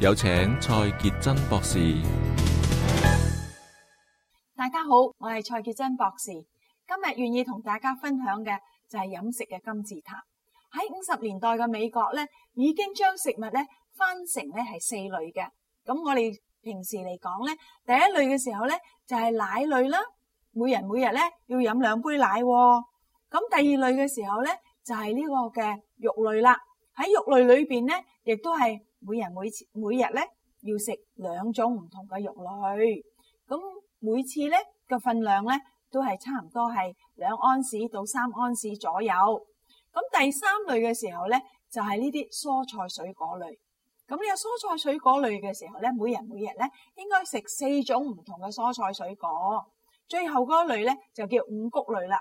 有請蔡潔貞博士。大家好，我係蔡潔貞博士。今日願意同大家分享嘅就係飲食嘅金字塔。喺五十年代嘅美國咧，已經將食物咧分成咧係四類嘅。咁我哋平時嚟講咧，第一類嘅時候咧就係奶類啦。每人每日咧要飲兩杯奶。咁第二類嘅時候咧就係呢個嘅肉類啦。喺肉類裏邊咧，亦都係。每人每次每日咧要食兩種唔同嘅肉類，咁每次咧嘅份量咧都係差唔多係兩安士到三安士左右。咁第三類嘅時候咧，就係呢啲蔬菜水果類。咁呢個蔬菜水果類嘅時候咧，每人每日咧應該食四種唔同嘅蔬菜水果。最後嗰一類咧就叫五穀類啦。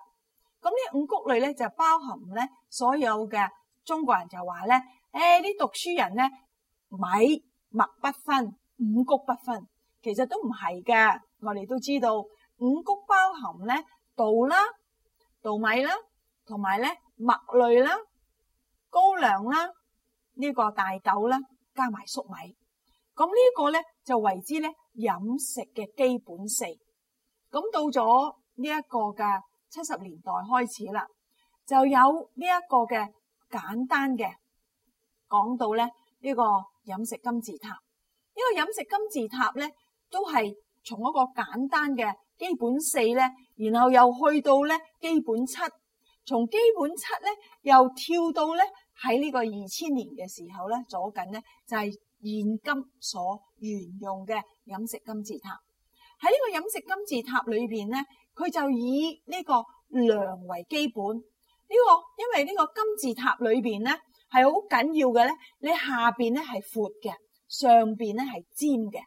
咁呢五穀類咧就包含咧所有嘅中國人就話咧，誒啲讀書人咧。米麥不分，五穀不分，其實都唔係㗎。我哋都知道五穀包含咧稻啦、稻米啦，同埋咧麥類啦、高粱啦、呢個大豆啦，加埋粟米。咁呢個咧就為之咧飲食嘅基本四。咁到咗呢一個嘅七十年代開始啦，就有呢一個嘅簡單嘅講到咧呢個。飲食，這個、飲食金字塔，呢個飲食金字塔咧，都係從一個簡單嘅基本四咧，然後又去到咧基本七，從基本七咧又跳到咧喺呢個二千年嘅時候咧，左緊咧就係、是、現今所沿用嘅飲食金字塔。喺呢個飲食金字塔裏邊咧，佢就以呢個量為基本。呢、這個因為呢個金字塔裏邊咧。係好緊要嘅咧，你下邊咧係闊嘅，上邊咧係尖嘅，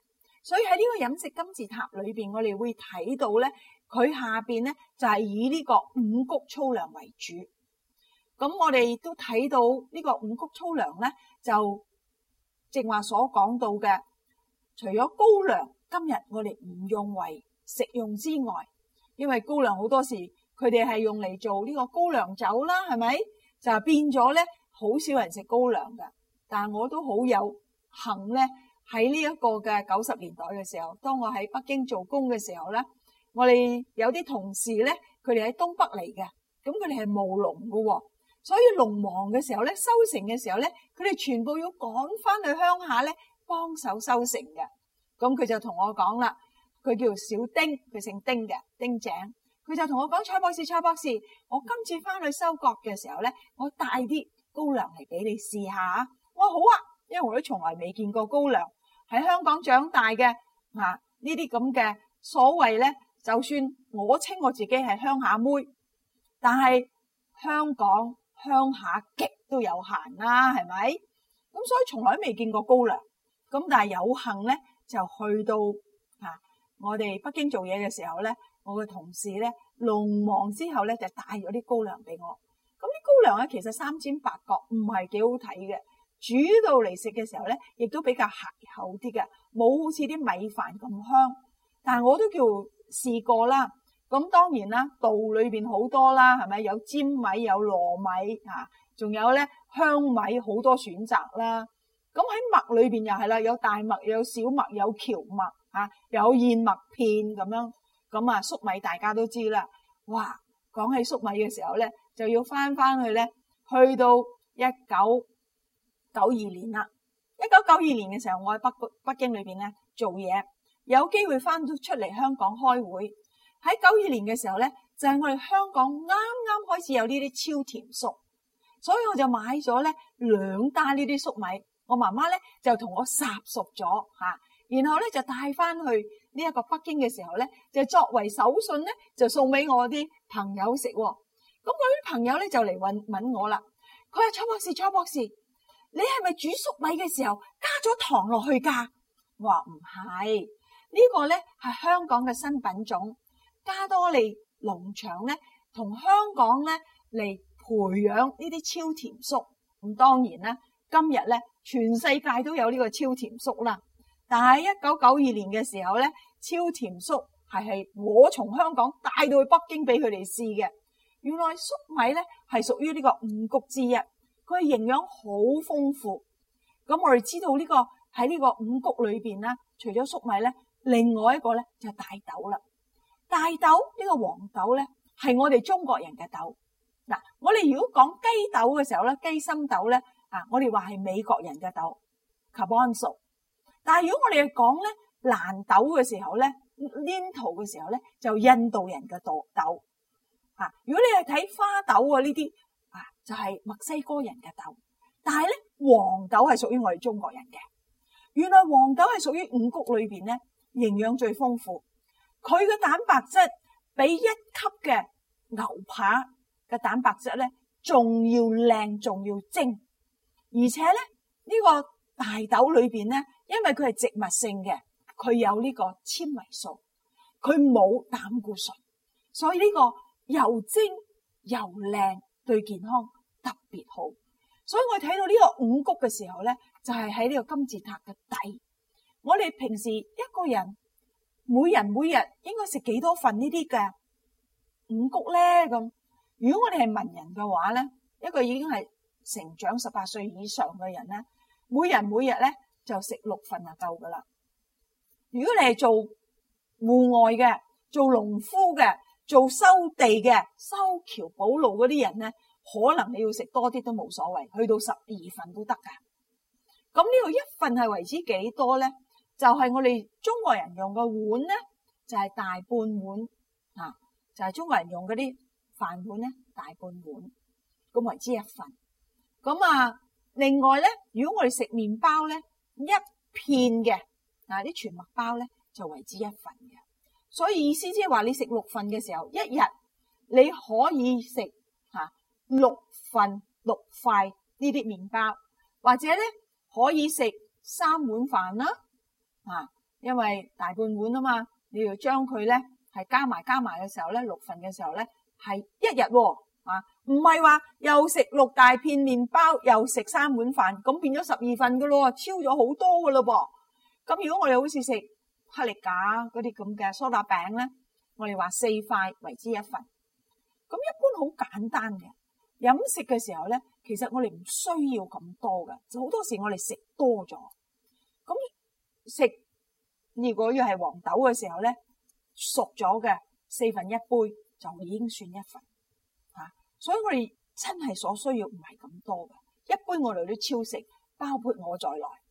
所以喺呢個飲食金字塔裏邊，我哋會睇到咧，佢下邊咧就係以呢個五穀粗糧為主。咁我哋亦都睇到呢個五穀粗糧咧，就正話所講到嘅，除咗高粱，今日我哋唔用為食用之外，因為高粱好多時佢哋係用嚟做呢個高粱酒啦，係咪就變咗咧？好少人食高粱噶，但係我都好有幸咧，喺呢一個嘅九十年代嘅時候，當我喺北京做工嘅時候咧，我哋有啲同事咧，佢哋喺東北嚟嘅，咁佢哋係務農噶，所以農忙嘅時候咧，收成嘅時候咧，佢哋全部要趕翻去鄉下咧幫手收成嘅。咁佢就同我講啦，佢叫小丁，佢姓丁嘅丁井，佢就同我講，蔡博士，蔡博士，我今次翻去收割嘅時候咧，我帶啲。高粱嚟俾你試下，我好啊，因為我都從來未見過高粱，喺香港長大嘅，嗱呢啲咁嘅所謂咧，就算我稱我自己係鄉下妹，但係香港鄉下極都有限啦，係咪？咁所以從來未見過高粱，咁但係有幸咧就去到吓我哋北京做嘢嘅時候咧，我嘅同事咧農忙之後咧就帶咗啲高粱俾我。涼啊，其實三尖八角唔係幾好睇嘅，煮到嚟食嘅時候咧，亦都比較核厚啲嘅，冇好似啲米飯咁香。但係我都叫試過啦。咁當然啦，稻裏邊好多啦，係咪有尖米、有糯米啊？仲有咧香米，好多選擇啦。咁喺麥裏邊又係啦，有大麥、有小麥、有蕎麥啊，有燕麥片咁樣。咁啊，粟米大家都知啦。哇，講起粟米嘅時候咧～就要翻翻去咧，去到一九九二年啦。一九九二年嘅時候，我喺北北京裏邊咧做嘢，有機會翻到出嚟香港開會。喺九二年嘅時候咧，就係我哋香港啱啱開始有呢啲超甜粟，所以我就買咗咧兩擔呢啲粟米。我媽媽咧就同我烚熟咗，吓，然後咧就帶翻去呢一個北京嘅時候咧，就作為手信咧，就送俾我啲朋友食。咁我啲朋友咧就嚟問問我啦。佢話：楚博士，楚博士，你係咪煮粟米嘅時候加咗糖落去噶？話唔係，呢個咧係香港嘅新品種，加多利農場咧同香港咧嚟培養呢啲超甜粟。咁當然啦，今日咧全世界都有呢個超甜粟啦。但係一九九二年嘅時候咧，超甜粟係係我從香港帶到去北京俾佢哋試嘅。原來粟米咧係屬於呢個五谷之一，佢營養好豐富。咁我哋知道呢個喺呢個五谷裏邊啦，除咗粟米咧，另外一個咧就大豆啦。大豆呢個黃豆咧係我哋中國人嘅豆。嗱，我哋如果講雞豆嘅時候咧，雞心豆咧啊，我哋話係美國人嘅豆 （garbanzo）。但係如果我哋講咧蘭豆嘅時候咧，lentil 嘅時候咧就印度人嘅豆豆。如果你係睇花豆啊，呢啲啊就係墨西哥人嘅豆，但係咧黃豆係屬於我哋中國人嘅。原來黃豆係屬於五穀裏邊咧，營養最豐富。佢嘅蛋白質比一級嘅牛扒嘅蛋白質咧，仲要靚，仲要精。而且咧呢個大豆裏邊咧，因為佢係植物性嘅，佢有呢個纖維素，佢冇膽固醇，所以呢個。又精又靚，對健康特別好。所以我睇到呢個五穀嘅時候咧，就係喺呢個金字塔嘅底。我哋平時一個人，每人每日應該食幾多份呢啲嘅五穀咧？咁如果我哋係文人嘅話咧，一個已經係成長十八歲以上嘅人咧，每人每日咧就食六份就夠㗎喇。如果你係做戶外嘅，做農夫嘅。做收地嘅、修橋補路嗰啲人咧，可能你要食多啲都冇所謂，去到十二份都得噶。咁呢度一份係為之幾多咧？就係我哋中國人用嘅碗咧，就係大半碗啊，就係中國人用嗰啲飯碗咧，大半碗，咁為之一份。咁啊，另外咧，如果我哋食麵包咧，一片嘅嗱啲全麥包咧，就為之一份嘅。所以意思即係話，你食六份嘅時候，一日你可以食吓、啊、六份六塊呢啲麵包，或者咧可以食三碗飯啦，吓、啊，因為大半碗啊嘛，你要將佢咧係加埋加埋嘅時候咧，六份嘅時候咧係一日喎，啊，唔係話又食六大片麵包，又食三碗飯，咁變咗十二份噶咯，超咗好多噶咯噃。咁如果我哋好似食。克力架嗰啲咁嘅梳打餅咧，我哋話四塊為之一份，咁一般好簡單嘅飲食嘅時候咧，其實我哋唔需要咁多嘅，就好多時我哋食多咗，咁食如果要係黃豆嘅時候咧，熟咗嘅四份一杯就已經算一份，吓、啊，所以我哋真係所需要唔係咁多嘅，一般我哋都超食，包括我在內。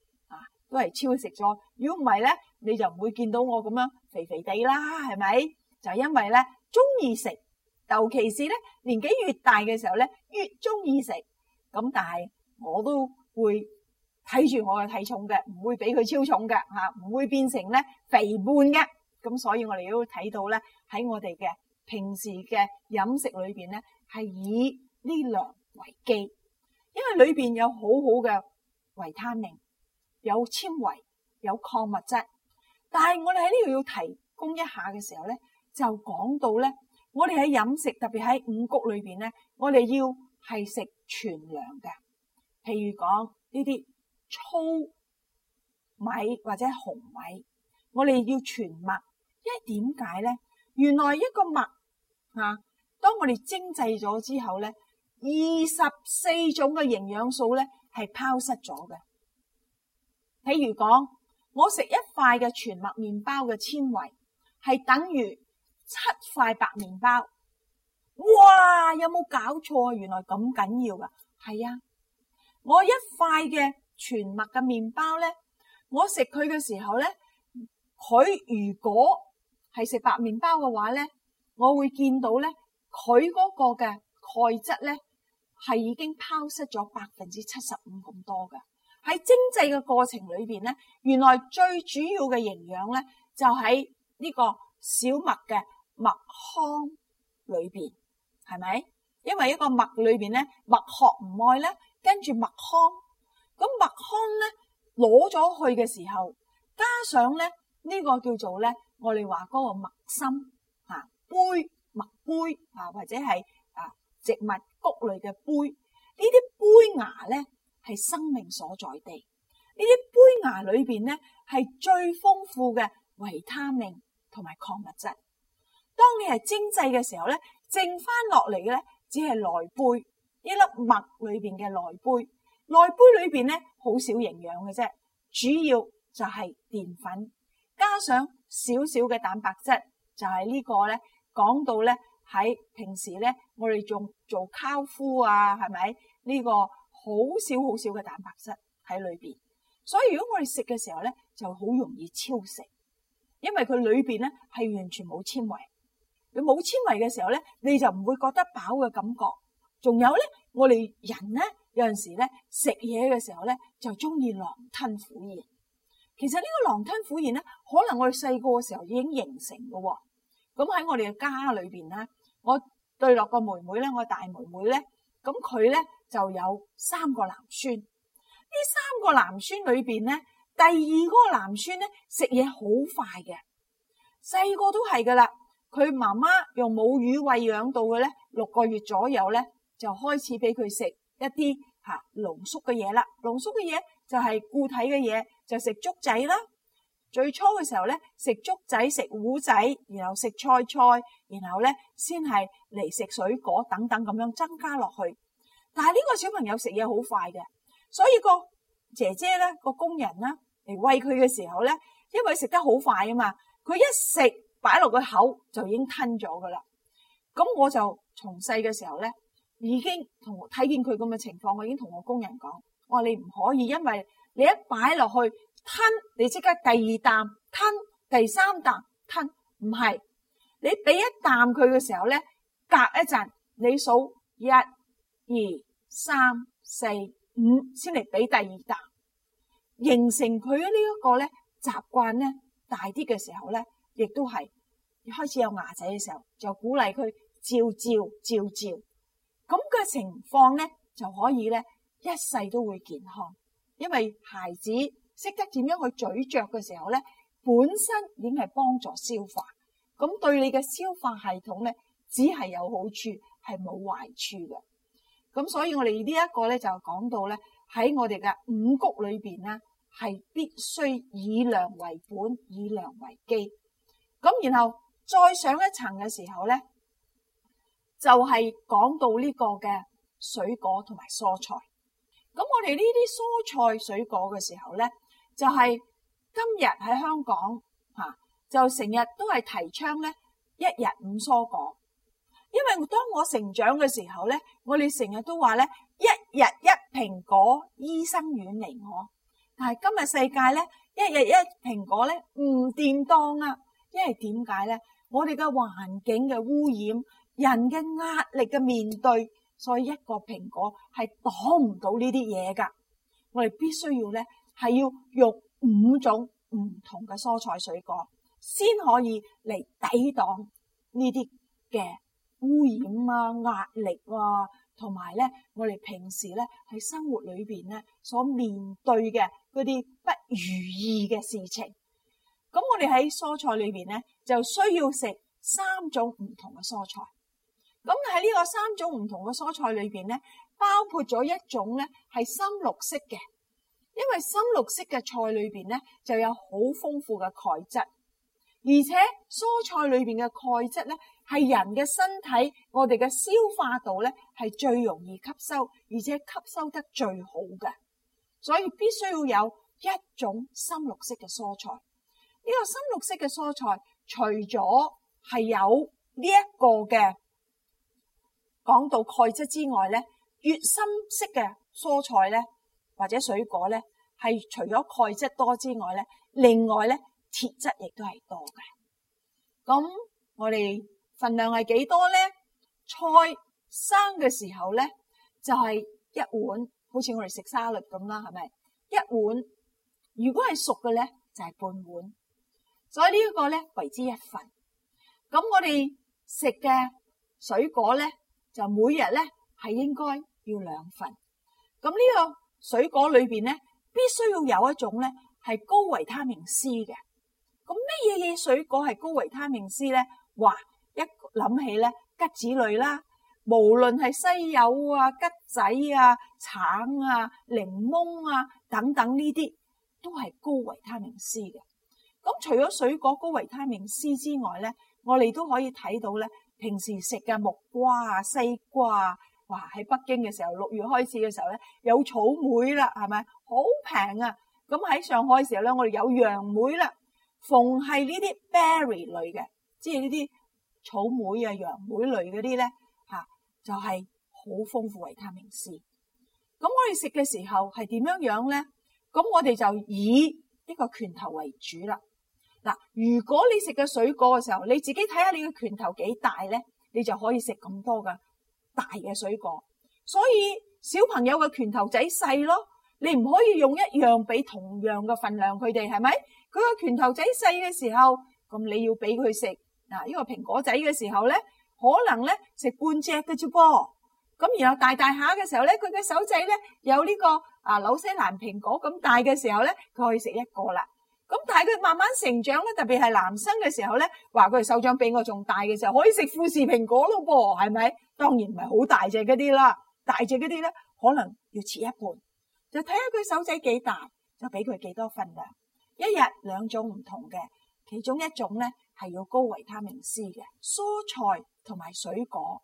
都係超食咗，如果唔係咧，你就唔會見到我咁樣肥肥地啦，係咪？就係因為咧中意食，尤其是咧年紀越大嘅時候咧越中意食。咁但係我都會睇住我嘅體重嘅，唔會俾佢超重嘅吓，唔會變成咧肥胖嘅。咁所以我哋都睇到咧喺我哋嘅平時嘅飲食裏邊咧係以呢兩為基，因為裏邊有好好嘅維他命，有纖維，有礦物質，但係我哋喺呢度要提供一下嘅時候咧，就講到咧，我哋喺飲食特別喺五穀裏邊咧，我哋要係食全糧嘅，譬如講呢啲粗米或者紅米，我哋要全麥，因為點解咧？原來一個麥啊，當我哋精製咗之後咧，二十四種嘅營養素咧係拋失咗嘅。譬如講，我食一塊嘅全麥麵包嘅纖維，係等於七塊白麵包。哇！有冇搞錯？原來咁緊要噶，係啊！我一塊嘅全麥嘅麵包咧，我食佢嘅時候咧，佢如果係食白麵包嘅話咧，我會見到咧，佢嗰個嘅鈣質咧係已經拋失咗百分之七十五咁多噶。喺精製嘅過程裏邊咧，原來最主要嘅營養咧就喺呢個小麥嘅麥糠裏邊，係咪？因為一個麥裏邊咧，麥殼唔愛咧，跟住麥糠。咁麥糠咧攞咗去嘅時候，加上咧呢，呢個叫做咧，我哋話嗰個麥芯啊杯麥杯啊或者係啊植物穀類嘅杯，杯呢啲杯牙咧。係生命所在地，呢啲杯芽裏邊咧係最豐富嘅維他命同埋礦物質。當你係精製嘅時候咧，剩翻落嚟嘅咧只係內杯，一粒麥裏邊嘅內杯，內杯裏邊咧好少營養嘅啫，主要就係澱粉，加上少少嘅蛋白質，就係呢個咧。講到咧喺平時咧我哋仲做烤麩啊，係咪呢個？好少好少嘅蛋白質喺裏邊，所以如果我哋食嘅時候咧，就好容易超食，因為佢裏邊咧係完全冇纖維，你冇纖維嘅時候咧，你就唔會覺得飽嘅感覺。仲有咧，我哋人咧有陣時咧食嘢嘅時候咧，就中意狼吞虎嚥。其實呢個狼吞虎嚥咧，可能我哋細個嘅時候已經形成㗎。咁喺我哋嘅家裏邊咧，我對落個妹妹咧，我大妹妹咧，咁佢咧。就有三個男孫，呢三個男孫裏邊咧，第二嗰個男孫咧食嘢好快嘅，細個都係㗎啦。佢媽媽用母乳餵養到嘅咧，六個月左右咧就開始俾佢食一啲吓濃縮嘅嘢啦。濃縮嘅嘢就係固體嘅嘢，就食粥仔啦。最初嘅時候咧，食粥仔、食糊仔，然後食菜菜，然後咧先係嚟食水果等等咁樣增加落去。但係呢個小朋友食嘢好快嘅，所以個姐姐咧個工人咧嚟餵佢嘅時候咧，因為食得好快啊嘛，佢一食擺落個口就已經吞咗噶啦。咁我就從細嘅時候咧已經同睇見佢咁嘅情況，我已經同我工人講：我話你唔可以，因為你一擺落去吞，你即刻第二啖吞，第三啖吞，唔係你俾一啖佢嘅時候咧，隔一陣你數一，二三四五先嚟俾第二啖，形成佢呢一個咧習慣咧。大啲嘅時候咧，亦都係開始有牙仔嘅時候，就鼓勵佢嚼，嚼嚼嚼嚼。咁嘅情況咧，就可以咧一世都會健康，因為孩子識得點樣去咀嚼嘅時候咧，本身已經係幫助消化，咁對你嘅消化系統咧，只係有好處，係冇壞處嘅。咁所以我哋呢一個咧就講到咧，喺我哋嘅五穀裏邊咧係必須以糧為本，以糧為基。咁然後再上一層嘅時候咧就係講到呢個嘅水果同埋蔬菜。咁我哋呢啲蔬菜水果嘅時候咧就係今日喺香港吓就成日都係提倡咧一日五蔬果。因為當我成長嘅時候咧，我哋成日都話咧，一日一蘋果，醫生遠離我。但係今日世界咧，一日一蘋果咧唔掂當啊！因為點解咧？我哋嘅環境嘅污染，人嘅壓力嘅面對，所以一個蘋果係擋唔到呢啲嘢㗎。我哋必須要咧，係要用五種唔同嘅蔬菜水果，先可以嚟抵擋呢啲嘅。污染啊、壓力啊，同埋咧，我哋平時咧喺生活裏邊咧所面對嘅嗰啲不如意嘅事情，咁我哋喺蔬菜裏邊咧就需要食三種唔同嘅蔬菜。咁喺呢個三種唔同嘅蔬菜裏邊咧，包括咗一種咧係深綠色嘅，因為深綠色嘅菜裏邊咧就有好豐富嘅鈣質，而且蔬菜裏邊嘅鈣質咧。係人嘅身體，我哋嘅消化道咧，係最容易吸收，而且吸收得最好嘅。所以必須要有一種深綠色嘅蔬菜。呢個深綠色嘅蔬菜，除咗係有呢一個嘅講到鈣質之外咧，越深色嘅蔬菜咧，或者水果咧，係除咗鈣質多之外咧，另外咧鐵質亦都係多嘅。咁我哋。份量係幾多咧？菜生嘅時候咧，就係一碗，好似我哋食沙律咁啦，係咪？一碗，如果係熟嘅咧，就係半碗。所以呢一個咧，為之一份。咁我哋食嘅水果咧，就每日咧係應該要兩份。咁呢個水果裏邊咧，必須要有一種咧係高維他命 C 嘅。咁咩嘢嘢水果係高維他命 C 咧？話。諗起咧，桔子類啦，無論係西柚啊、桔仔啊、橙啊、檸檬啊等等呢啲，都係高維他命 C 嘅。咁除咗水果高維他命 C 之外咧，我哋都可以睇到咧，平時食嘅木瓜啊、西瓜啊，哇！喺北京嘅時候，六月開始嘅時候咧，有草莓啦，係咪？好平啊！咁喺上海嘅時候咧，我哋有楊梅啦，逢係呢啲 berry 類嘅，即係呢啲。草莓啊、楊莓類嗰啲咧，吓就係好豐富維他命 C。咁我哋食嘅時候係點樣樣咧？咁我哋就以一個拳頭為主啦。嗱，如果你食嘅水果嘅時候，你自己睇下你嘅拳頭幾大咧，你就可以食咁多嘅大嘅水果。所以小朋友嘅拳頭仔細咯，你唔可以用一樣俾同樣嘅份量佢哋，係咪？佢個拳頭仔細嘅時候，咁你要俾佢食。嗱，呢個蘋果仔嘅時候咧，可能咧食半隻嘅啫噃。咁然後大大下嘅時候咧，佢嘅手仔咧有呢個啊紐西蘭蘋果咁大嘅時候咧，佢可以食一個啦。咁但係佢慢慢成長咧，特別係男生嘅時候咧，話佢手掌比我仲大嘅時候，可以食富士蘋果咯噃，係咪？當然唔係好大隻嗰啲啦，大隻嗰啲咧可能要切一半，就睇下佢手仔幾大，就俾佢幾多份量，一日兩種唔同嘅，其中一種咧。係要高維他命 C 嘅蔬菜同埋水果，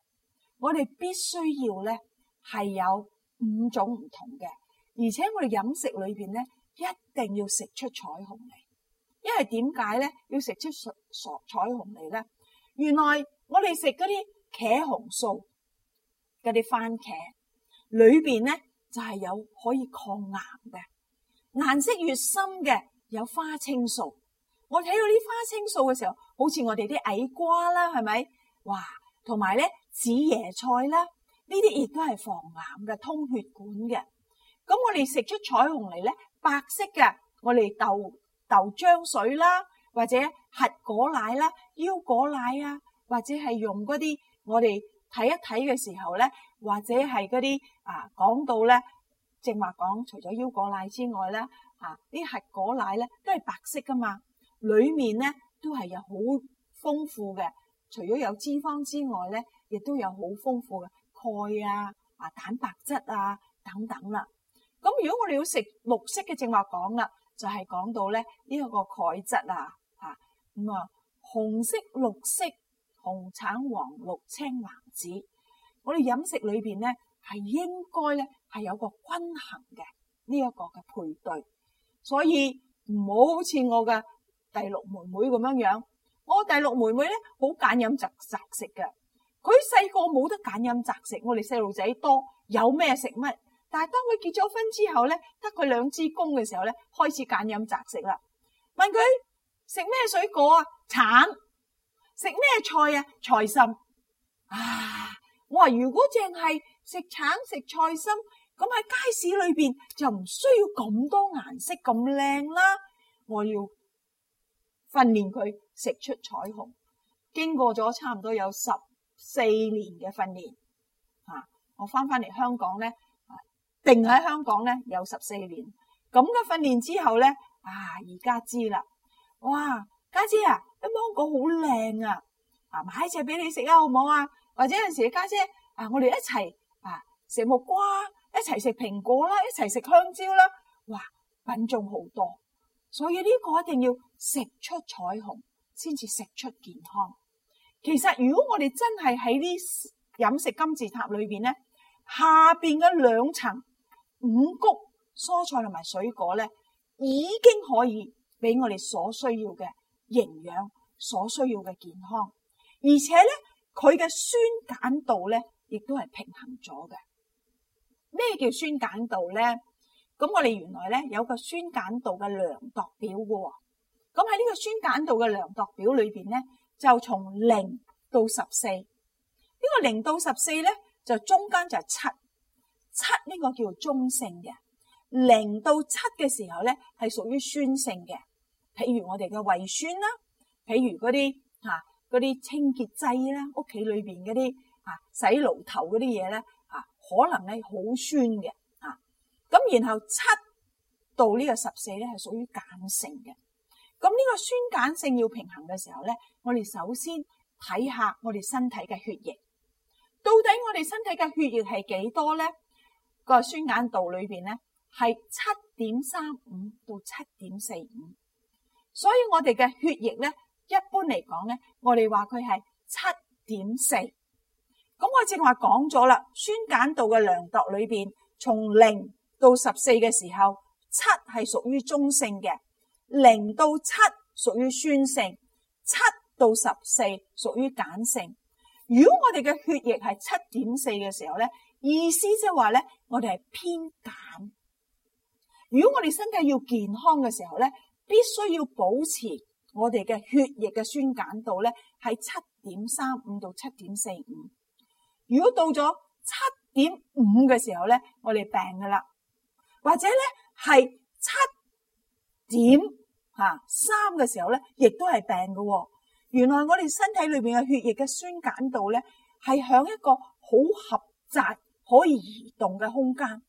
我哋必須要咧係有五種唔同嘅，而且我哋飲食裏邊咧一定要食出彩虹嚟。因為點解咧要食出索索彩虹嚟咧？原來我哋食嗰啲茄紅素嗰啲番茄，裏邊咧就係有可以抗癌嘅，顏色越深嘅有花青素。我睇到啲花青素嘅時候。好似我哋啲矮瓜啦，係咪？哇！同埋咧，紫椰菜啦，呢啲亦都係防癌嘅，通血管嘅。咁我哋食出彩虹嚟咧，白色嘅我哋豆豆漿水啦，或者核果奶啦、腰果奶啊，或者係用嗰啲我哋睇一睇嘅時候咧，或者係嗰啲啊講到咧，正話講除咗腰果奶之外咧，啊啲核果奶咧都係白色噶嘛，裏面咧。都係有好豐富嘅，除咗有脂肪之外咧，亦都有好豐富嘅鈣啊、啊蛋白質啊等等啦、啊。咁如果我哋要食綠色嘅，正話講啦，就係、是、講到咧呢一個鈣質啊，吓咁啊，紅色、綠色、紅橙黃綠青藍紫，我哋飲食裏邊咧係應該咧係有個均衡嘅呢一個嘅配對，所以唔好好似我嘅。第六妹妹咁樣樣，我第六妹妹咧好揀飲擇食嘅，佢細個冇得揀飲擇食，我哋細路仔多，有咩食乜。但係當佢結咗婚之後咧，得佢兩支公嘅時候咧，開始揀飲擇食啦。問佢食咩水果啊？橙。食咩菜啊？菜心。啊，我話如果淨係食橙食菜心，咁喺街市裏邊就唔需要咁多顏色咁靚啦。我要。訓練佢食出彩虹，經過咗差唔多有十四年嘅訓練，吓我翻翻嚟香港咧，定喺香港咧有十四年咁嘅訓練之後咧，啊而家知啦，哇家姐，姐啊，啲芒果好靚啊，買啊買隻俾你食啊好唔好啊？或者有陣時家姐，姐啊，我哋一齊啊食木瓜，一齊食蘋果啦，一齊食香蕉啦，哇品種好多。所以呢個一定要食出彩虹，先至食出健康。其實如果我哋真係喺呢啲飲食金字塔裏邊咧，下邊嘅兩層五穀蔬菜同埋水果咧，已經可以俾我哋所需要嘅營養，所需要嘅健康，而且咧佢嘅酸鹼度咧亦都係平衡咗嘅。咩叫酸鹼度咧？咁我哋原來咧有個酸鹼度嘅量度表嘅喎、哦，咁喺呢個酸鹼度嘅量度表裏邊咧，就從零到十四，呢個零到十四咧就中間就係七，七呢個叫做中性嘅，零到七嘅時候咧係屬於酸性嘅，譬如我哋嘅胃酸啦，譬如嗰啲嚇嗰啲清潔劑啦，屋企裏邊嗰啲啊，洗爐頭嗰啲嘢咧嚇可能咧好酸嘅。咁然後七到呢個十四咧係屬於鹼性嘅。咁呢個酸鹼性要平衡嘅時候咧，我哋首先睇下我哋身體嘅血液到底我哋身體嘅血液係幾多咧？個酸鹼度裏邊咧係七點三五到七點四五，所以我哋嘅血液咧一般嚟講咧，我哋話佢係七點四。咁我正話講咗啦，酸鹼度嘅量度裏邊從零到十四嘅時候，七係屬於中性嘅，零到七屬於酸性，七到十四屬於鹼性。如果我哋嘅血液係七點四嘅時候咧，意思即係話咧，我哋係偏鹼。如果我哋身體要健康嘅時候咧，必須要保持我哋嘅血液嘅酸鹼度咧喺七點三五到七點四五。如果到咗七點五嘅時候咧，我哋病噶啦。或者咧係七點吓三嘅時候咧，亦都係病嘅。原來我哋身體裏邊嘅血液嘅酸鹼度咧，係響一個好狹窄可以移動嘅空間，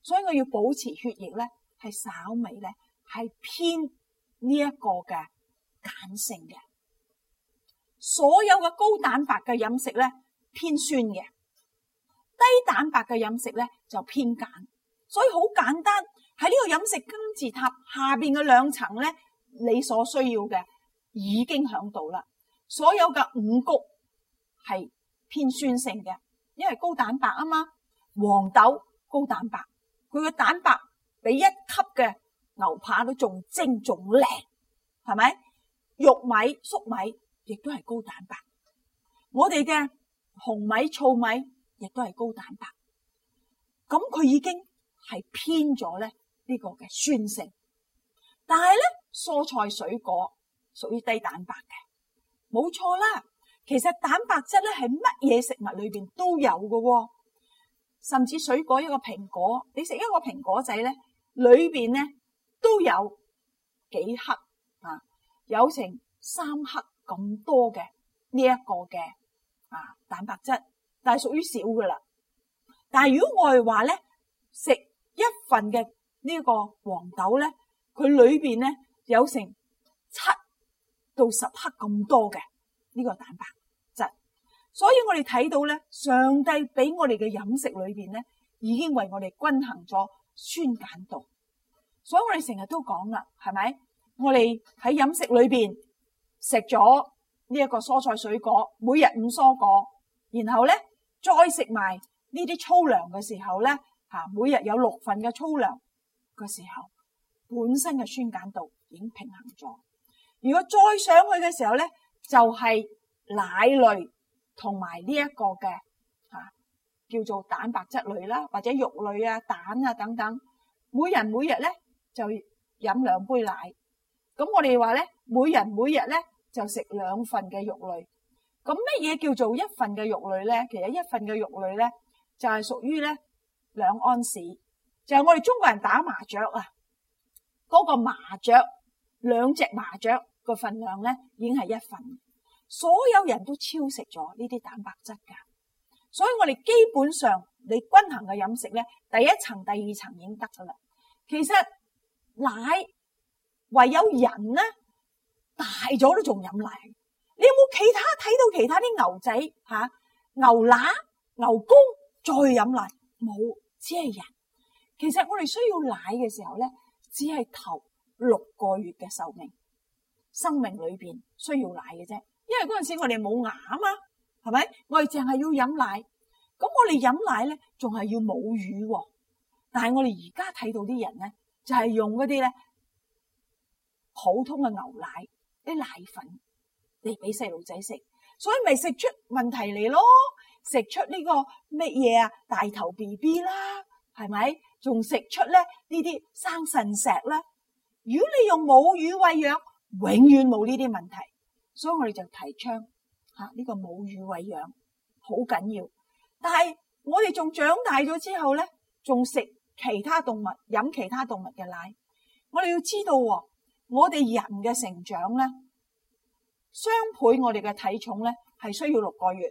所以我要保持血液咧係稍微咧係偏呢一個嘅鹼性嘅。所有嘅高蛋白嘅飲食咧偏酸嘅，低蛋白嘅飲食咧就偏鹼。所以好簡單，喺呢個飲食金字塔下邊嘅兩層咧，你所需要嘅已經喺度啦。所有嘅五穀係偏酸性嘅，因為高蛋白啊嘛。黃豆高蛋白，佢嘅蛋白比一級嘅牛扒都仲精仲靚，係咪？玉米、粟米亦都係高蛋白，我哋嘅紅米、糙米亦都係高蛋白，咁佢已經。係偏咗咧呢個嘅酸性，但係咧蔬菜水果屬於低蛋白嘅，冇錯啦。其實蛋白質咧係乜嘢食物裏邊都有嘅，甚至水果一個蘋果，你食一個蘋果仔咧，裏邊咧都有幾克啊，有成三克咁多嘅呢一個嘅啊蛋白質，但係屬於少噶啦。但係如果我哋話咧食。一份嘅呢個黃豆咧，佢裏邊咧有成七到十克咁多嘅呢個蛋白質，所以我哋睇到咧，上帝俾我哋嘅飲食裏邊咧，已經為我哋均衡咗酸鹼度。所以我哋成日都講啦，係咪？我哋喺飲食裏邊食咗呢一個蔬菜水果，每日五蔬果，然後咧再食埋呢啲粗糧嘅時候咧。嗱，每日有六份嘅粗糧嘅時候，本身嘅酸鹼度已經平衡咗。如果再上去嘅時候咧，就係奶類同埋呢一個嘅吓叫做蛋白質類啦，或者肉類啊、蛋啊等等。每人每日咧就飲兩杯奶。咁我哋話咧，每人每日咧就食兩份嘅肉類。咁乜嘢叫做一份嘅肉類咧？其實一份嘅肉類咧就係屬於咧。兩安士就係我哋中國人打麻雀啊，嗰個麻雀兩隻麻雀個份量咧，已經係一份，所有人都超食咗呢啲蛋白質噶。所以我哋基本上你均衡嘅飲食咧，第一層第二層已經得噶啦。其實奶唯有人咧大咗都仲飲奶，你有冇其他睇到其他啲牛仔吓牛乸牛公再飲奶冇？只係人，其實我哋需要奶嘅時候咧，只係頭六個月嘅壽命，生命裏邊需要奶嘅啫。因為嗰陣時我哋冇牙啊嘛，係咪？我哋淨係要飲奶，咁我哋飲奶咧，仲係要母乳。但係我哋而家睇到啲人咧，就係用嗰啲咧普通嘅牛奶、啲奶粉嚟俾細路仔食。所以咪食出問題嚟咯，食出，出呢個乜嘢？啊大頭 BB 啦，係咪？仲食出咧呢啲生腎石啦。如果你用母乳餵養，永遠冇呢啲問題。所以我哋就提倡吓呢、啊這個母乳餵養好緊要。但係我哋仲長大咗之後咧，仲食其他動物、飲其他動物嘅奶。我哋要知道、哦，我哋人嘅成長咧。雙倍我哋嘅體重咧，係需要六個月。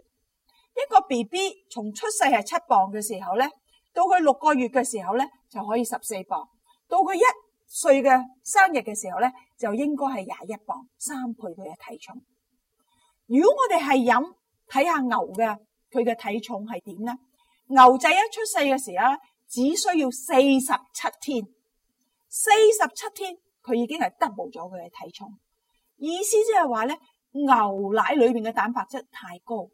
一個 BB 從出世係七磅嘅時候咧，到佢六個月嘅時候咧，就可以十四磅。到佢一歲嘅生日嘅時候咧，就應該係廿一磅，三倍佢嘅體重。如果我哋係飲睇下牛嘅，佢嘅體重係點咧？牛仔一出世嘅時候咧，只需要四十七天，四十七天佢已經係 double 咗佢嘅體重。意思即係話咧。牛奶裏邊嘅蛋白質太高，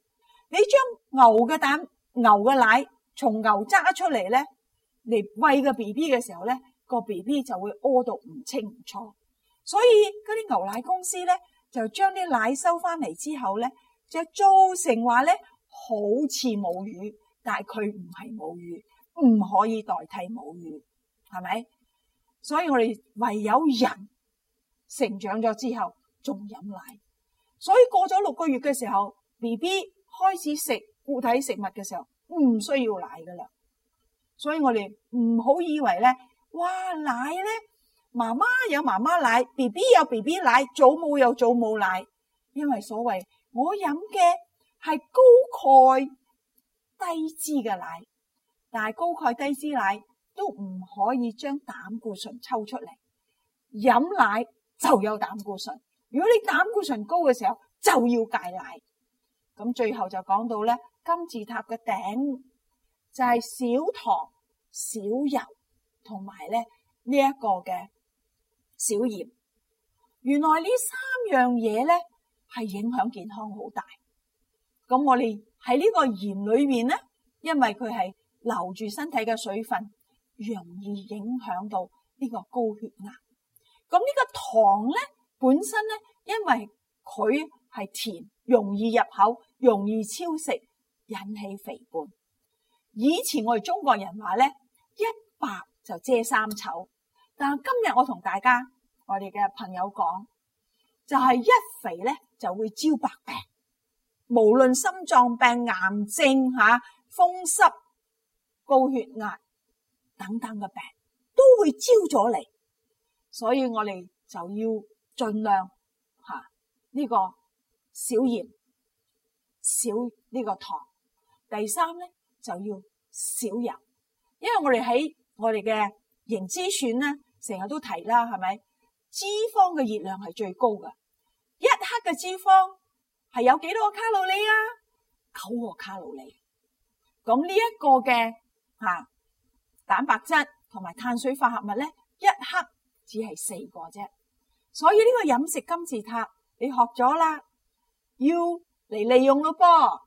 你將牛嘅蛋、牛嘅奶從牛揸出嚟咧，嚟餵個 BB 嘅時候咧，個 BB 就會屙到唔清楚。所以嗰啲牛奶公司咧，就將啲奶收翻嚟之後咧，就造成話咧好似母乳，但係佢唔係母乳，唔可以代替母乳，係咪？所以我哋唯有人成長咗之後仲飲奶。所以過咗六個月嘅時候，BB 開始食固體食物嘅時候，唔需要奶噶啦。所以我哋唔好以為咧，哇奶咧，媽媽有媽媽奶，BB 有 BB 奶，祖母有祖母奶。因為所謂我飲嘅係高鈣低脂嘅奶，但係高鈣低脂奶都唔可以將膽固醇抽出嚟，飲奶就有膽固醇。如果你膽固醇高嘅時候就要戒奶。咁最後就講到咧，金字塔嘅頂就係少糖、少油同埋咧呢一個嘅少鹽。原來呢三樣嘢咧係影響健康好大。咁我哋喺呢個鹽裏面咧，因為佢係留住身體嘅水分，容易影響到呢個高血壓。咁呢個糖咧。本身咧，因為佢係甜，容易入口，容易超食，引起肥胖。以前我哋中國人話咧，一白就遮三醜。但係今日我同大家，我哋嘅朋友講，就係、是、一肥咧就會招百病，無論心臟病、癌症嚇、風濕、高血壓等等嘅病都會招咗嚟，所以我哋就要。盡量吓呢、啊這個少鹽少呢個糖，第三咧就要少油，因為我哋喺我哋嘅營養資訊咧成日都提啦，係咪？脂肪嘅熱量係最高嘅，一克嘅脂肪係有幾多個卡路里啊？九個卡路里。咁呢一個嘅嚇、啊、蛋白質同埋碳水化合物咧，一克只係四個啫。所以呢個飲食金字塔，你學咗啦，要嚟利用咯噃。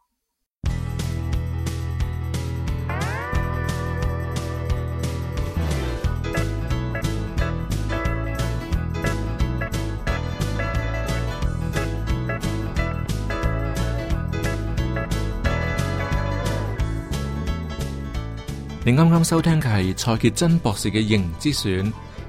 你啱啱收聽嘅係蔡潔真博士嘅《形之選》。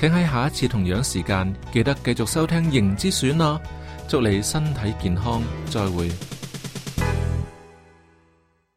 請喺下一次同樣時間記得繼續收聽《型之選》啦！祝你身體健康，再會。